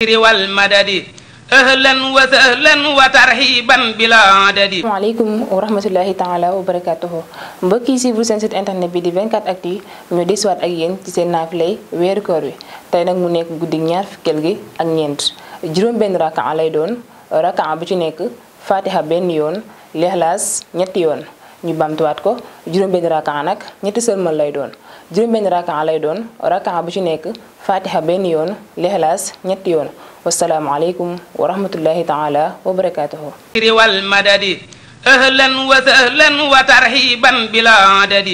asalaamaaleykum wa rahmatullahi taala wa barakaatuhu mbokk yi si bu seen site internet bi di 24 actu yi ñu desiwaat ak yéen ci seen naafilay weeri kor wi tey nag mu nekk guddi ñaar fukkeel gi ak ñeent juróom-benn rakaa lay doon rakaa bu ci nekk fatiha benn yoon lexlaas ñetti yoon ñu bamtuwaat ko juróom-benn a nag ñetti sërmal lay doon juróom-benn a lay doon rakaa bu ci nekk fatiha benn yoon lexlaas ñetti yoon wasalaamualeykum wa rahmatullahi taala wa barakaatuhu riwal madadi ahlan wa sahlan wa tarhiban bila adadi